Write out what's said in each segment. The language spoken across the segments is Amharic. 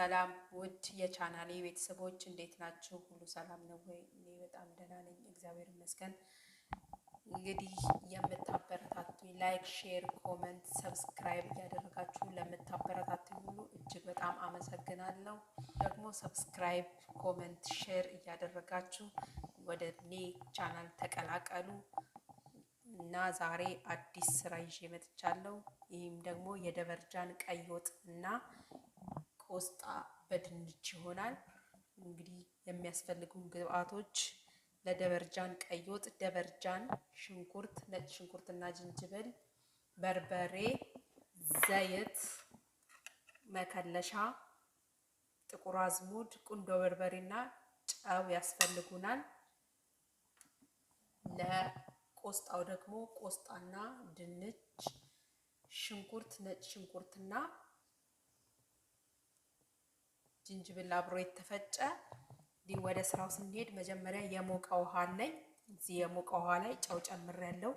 ሰላም ውድ የቻናሌ ቤተሰቦች እንዴት ናችሁ? ሁሉ ሰላም ነው ወይ? እኔ በጣም ደህና ነኝ፣ እግዚአብሔር ይመስገን። እንግዲህ የምታበረታቱኝ ላይክ፣ ሼር፣ ኮመንት፣ ሰብስክራይብ እያደረጋችሁ ለምታበረታቱኝ ሁሉ እጅግ በጣም አመሰግናለሁ። ደግሞ ሰብስክራይብ፣ ኮመንት፣ ሼር እያደረጋችሁ ወደ እኔ ቻናል ተቀላቀሉ እና ዛሬ አዲስ ስራ ይዤ መጥቻለሁ። ይህም ደግሞ የደበርጃን ቀይ ወጥ እና ቆስጣ በድንች ይሆናል። እንግዲህ የሚያስፈልጉን ግብአቶች ለደበርጃን ቀይ ወጥ ደበርጃን፣ ሽንኩርት፣ ነጭ ሽንኩርትና ጅንጅብል፣ በርበሬ፣ ዘይት፣ መከለሻ፣ ጥቁር አዝሙድ፣ ቁንዶ በርበሬና ጨው ያስፈልጉናል። ለቆስጣው ደግሞ ቆስጣና ድንች፣ ሽንኩርት፣ ነጭ ሽንኩርትና ጅንጅብል አብሮ የተፈጨ ወደ ስራው ስንሄድ መጀመሪያ የሞቀ ውሃ አለኝ። እዚህ የሞቀ ውሃ ላይ ጨው ጨምር ያለው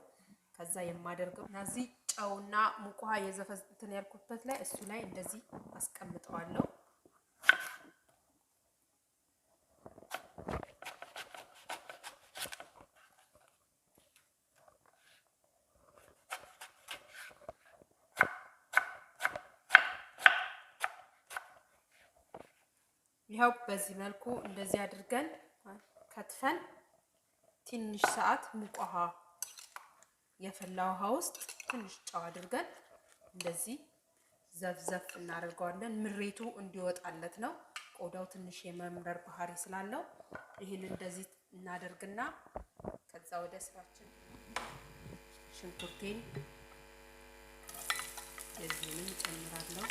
ከዛ የማደርገው እና እዚህ ጨውና ሙቅ ውሃ የዘፈዝትን ያልኩበት ላይ እሱ ላይ እንደዚህ አስቀምጠዋለሁ። ይኸው በዚህ መልኩ እንደዚህ አድርገን ከትፈን ትንሽ ሰዓት ሙቅ ውሃ የፈላ ውሃ ውስጥ ትንሽ ጨው አድርገን እንደዚህ ዘፍዘፍ እናደርገዋለን። ምሬቱ እንዲወጣለት ነው። ቆዳው ትንሽ የመምረር ባህሪ ስላለው ይህን እንደዚህ እናደርግና ከዛ ወደ ስራችን ሽንኩርቴን የዚህንም ጨምራለሁ።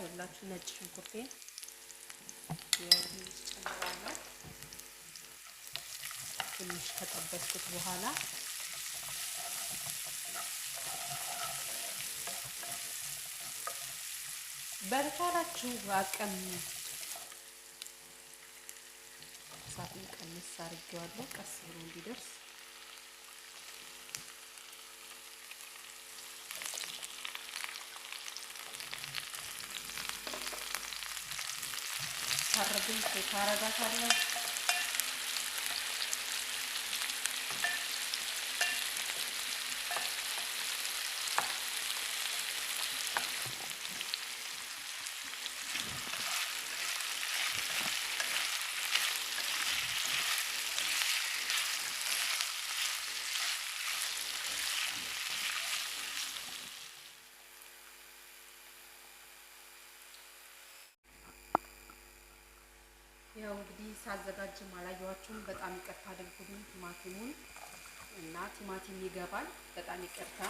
ይኸውላችሁ ነጭ ሽንኩርቴን ጨምራለሁ። ትንሽ ከጠበስኩት በኋላ በርካላችሁ አቅም እሳቱን ቀንስ አድርጌዋለሁ፣ ቀስ ብሎ እንዲደርስ Preparada, Carlos. ሳዘጋጅም አላየኋችሁም። በጣም ይቅርታ አድርጉልኝ። ቲማቲሙን እና ቲማቲም ይገባል። በጣም ይቅርታ።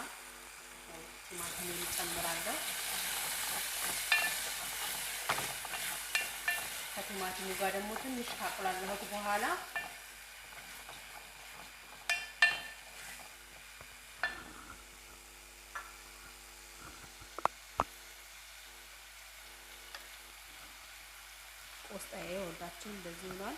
ቲማቲም እንጨምራለሁ። ከቲማቲሙ ጋር ደግሞ ትንሽ ካቁላለሁት በኋላ ቆስጣዬ ወዳችን እንደዚህ ሆኗል።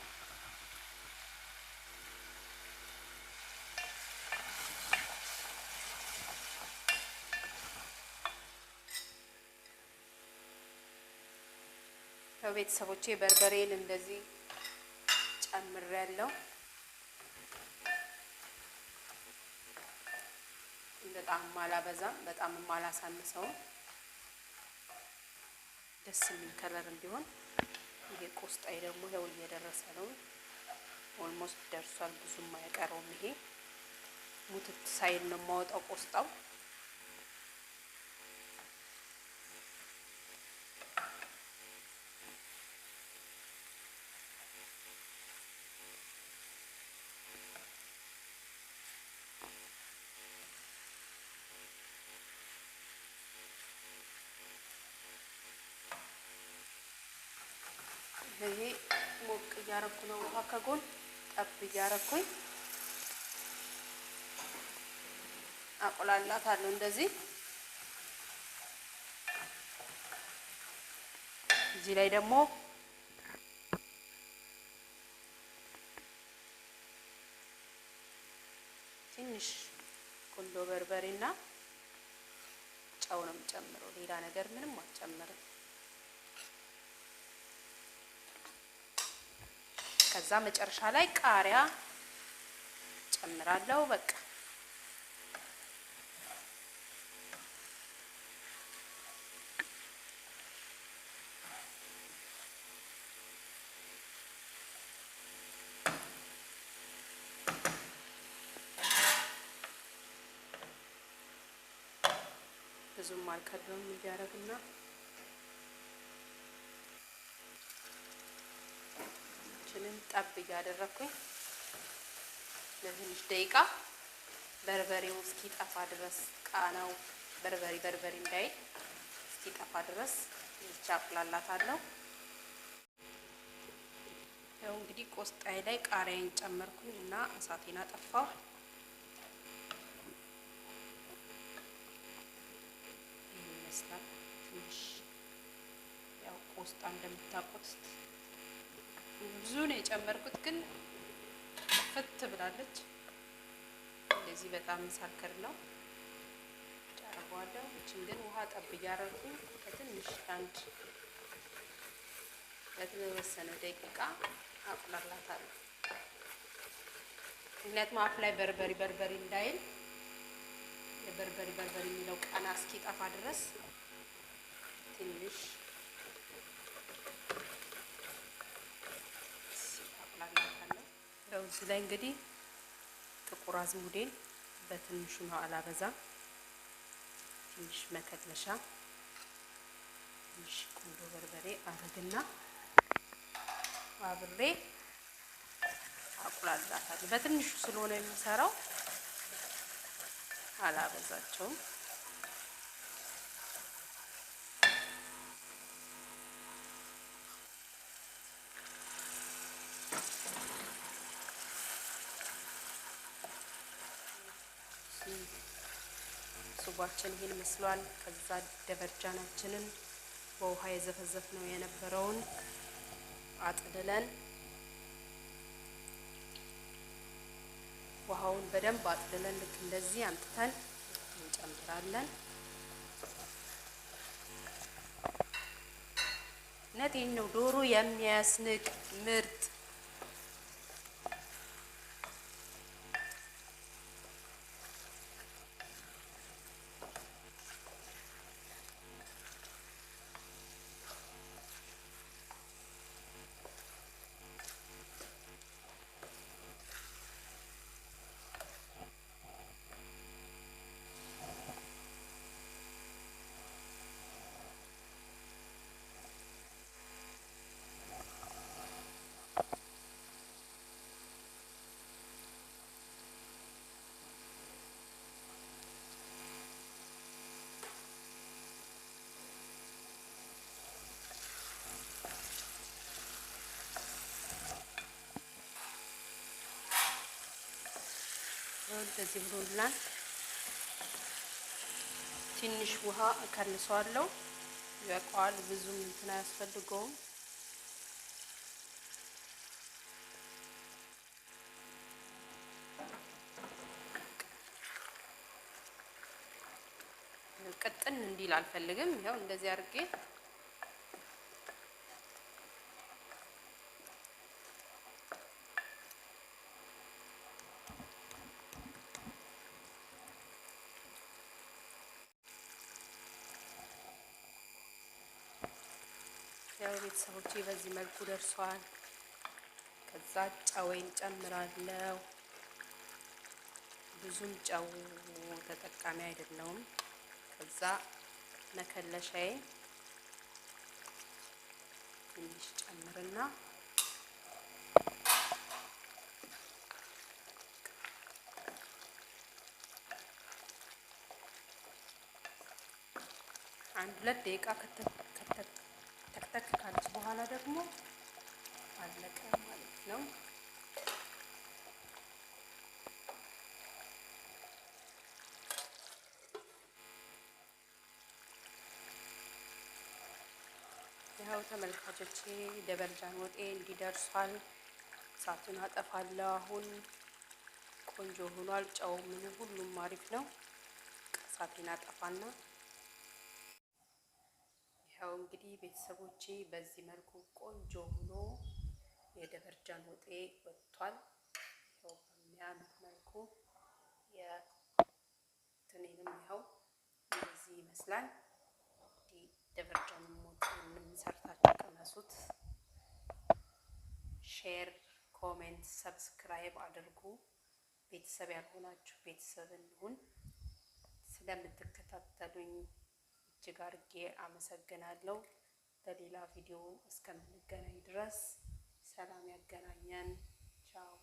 በቤተሰቦቼ በርበሬን እንደዚህ ጨምሬያለሁ። በጣም አላበዛም፣ በጣም አላሳንሰውም። ደስ የሚል ከለር እንዲሆን ይሄ ቆስጣይ ደግሞ ያው እየደረሰ ነው። ኦልሞስት ደርሷል። ብዙም አይቀረውም። ይሄ ሙትት ሳይል ነው የማወጣው ቆስጣው። ይሄ ሞቅ እያረኩ ነው። ውሃ ከጎን ጠብ እያረኩኝ አቁላላት አለሁ እንደዚህ። እዚህ ላይ ደግሞ ትንሽ ቁንዶ በርበሬና ጨው ነው ጨምሮ ሌላ ነገር ምንም አልጨምርም። ከዛ መጨረሻ ላይ ቃሪያ ጨምራለሁ። በቃ ብዙም አልከብደውም እያደረግና ጠብ ያደረኩኝ ለትንሽ ደቂቃ በርበሬው እስኪጠፋ ድረስ ቃናው በርበሬ በርበሪ እንዳይ እስኪጠፋ ድረስ ይቻቁላላታለሁ። ያው እንግዲህ ቆስጣዬ ላይ ቃሪያን ጨመርኩኝ እና እሳቴን አጠፋው። ይህ ይመስላል። ትንሽ ያው ቆስጣ እንደምታቆስት ብዙ ነው የጨመርኩት፣ ግን ፍት ብላለች። እንደዚህ በጣም ሳከር ነው ጨርበዋለሁ። እችን ግን ውሃ ጠብ እያረጉ ከትንሽ አንድ ለተወሰነ ደቂቃ አቁላላታለሁ። ምክንያቱም አፍ ላይ በርበሪ በርበሪ እንዳይል የበርበሪ በርበሪ የሚለው ቃና እስኪጠፋ ድረስ ትንሽ ያው እዚህ ላይ እንግዲህ ጥቁር አዝሙዴን በትንሹ ነው አላበዛ። ትንሽ መከለሻ፣ ትንሽ ቁንዶ በርበሬ አረግና አብሬ አቁላላታለሁ። በትንሹ ስለሆነ የሚሰራው አላበዛቸውም። እዚህ ሱባችን ይህን መስሏል። ከዛ ደበርጃናችንን በውሃ የዘፈዘፍ ነው የነበረውን አጥልለን ውሃውን በደንብ አጥልለን ልክ እንደዚህ አምጥተን እንጨምራለን። እውነቴን ነው ዶሮ የሚያስንቅ ምርጥ እንደዚህ ብሎልናል። ትንሽ ውሃ እከልሰዋለሁ። ይበቃዋል። ብዙም እንትን አያስፈልገውም። ቅጥን እንዲል አልፈልግም። ይኸው እንደዚህ አድርጌ ያው ቤተሰቦች በዚህ መልኩ ደርሷል። ከዛ ጨወይን ጨምራለው። ብዙም ጨው ተጠቃሚ አይደለውም። ከዛ መከለሻዬ ትንሽ ጨምርና አንድ ሁለት ደቂቃ ከተፈ ጠቅ ካለች በኋላ ደግሞ አለቀ ማለት ነው። ይኸው ተመልካቾቼ ደበርጃን ወጤ እንዲደርሷል። እሳቱን አጠፋለሁ። አሁን ቆንጆ ሆኗል። ጨው ምን ሁሉም አሪፍ ነው። እሳቴን አጠፋና ያው እንግዲህ ቤተሰቦቼ በዚህ መልኩ ቆንጆ ሆኖ የደበርጃን ወጤ ወጥቷል። ያው በሚያምር መልኩ የትኔንም ያው እንደዚህ ይመስላል። ደበርጃን ወጤ የምንሰርታችሁ ሼር፣ ኮሜንት፣ ሰብስክራይብ አድርጉ። ቤተሰብ ያልሆናችሁ ቤተሰብ እንሁን። ስለምትከታተሉኝ እጅግ አርጌ አመሰግናለሁ። በሌላ ቪዲዮ እስከምንገናኝ ድረስ ሰላም ያገናኘን። ቻው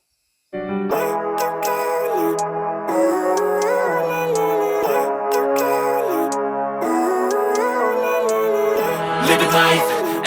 life.